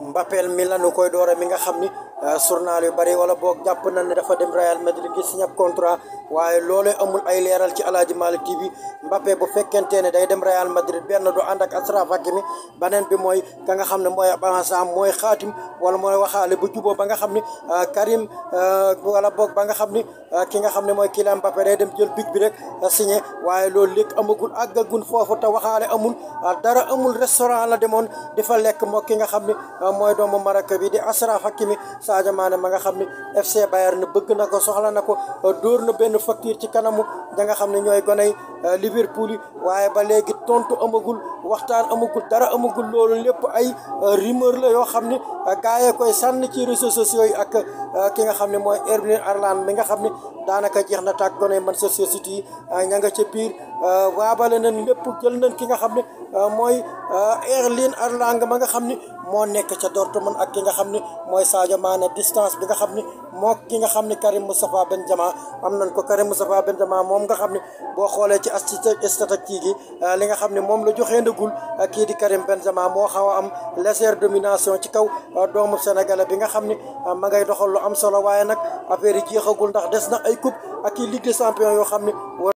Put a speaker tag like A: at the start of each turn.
A: Mbappé mi la nu koy doore mi nga xam ni Euh, journal yu bari wala boog jàpp nañ ne dafa dem Real Madrid gi signé contrat waaye loolee amul ay leeral ci Aladji Malick TV Mbappé bu fekkente ne day dem Real Madrid benn du ànd ak Achraf Hakimi beneen bi mooy ka nga xam ne mooy avancement mooy xaatim wala mooy waxaale bu juboo ba nga xam ne euh, Karim euh, wala boog ba nga xam ni ki nga xam ne mooy Kylian Mbappé day dem jël big bi rek signé waaye loolu léegi amagul àggagul foofu te waxaale amul dara amul restaurant la demoon di fa lekk moo ki nga xam ne mooy doomu Maroc Sadio Mané ma nga xam ni FC Bayern bëgg na ko soxla na ko dóor na benn facture ci kanamu janga xam ne ñooy goney Euh, Liverpool yi waaye ba léegi tontu amagul waxtaan amagul dara amagul loolu lépp ay euh, rumeur la yoo xam ne euh, gars yee koy sànni ci réseaux sociaux yi ak ki nga xam ne mooy Erling Haaland mi nga xam ne daanaka jeex na tàgg ko ne Manchester City yi nga ca biir waabale nañ lépp jël nañ ki nga xam ne mooy Erling Haaland ma nga xam ni moo nekk ca Dortmund ak ki nga xam ni mooy Sadio Mané distance bi nga xam ni moo ki nga xam ne Karim Moustapha Benjama am nañ ko Karim Moustapha Benjama moom nga xam ne boo xoolee ci statistique yi li nga xam ne moom la joxee ndagul kii di Karim Benjama moo xaw a am légère domination ci kaw uh, doomu sénégalais bi nga xam ne uh, ma ngay doxal lu am solo waaye nag affaire yi jeexagul ndax des na ay coupe ak i ligue des xam ne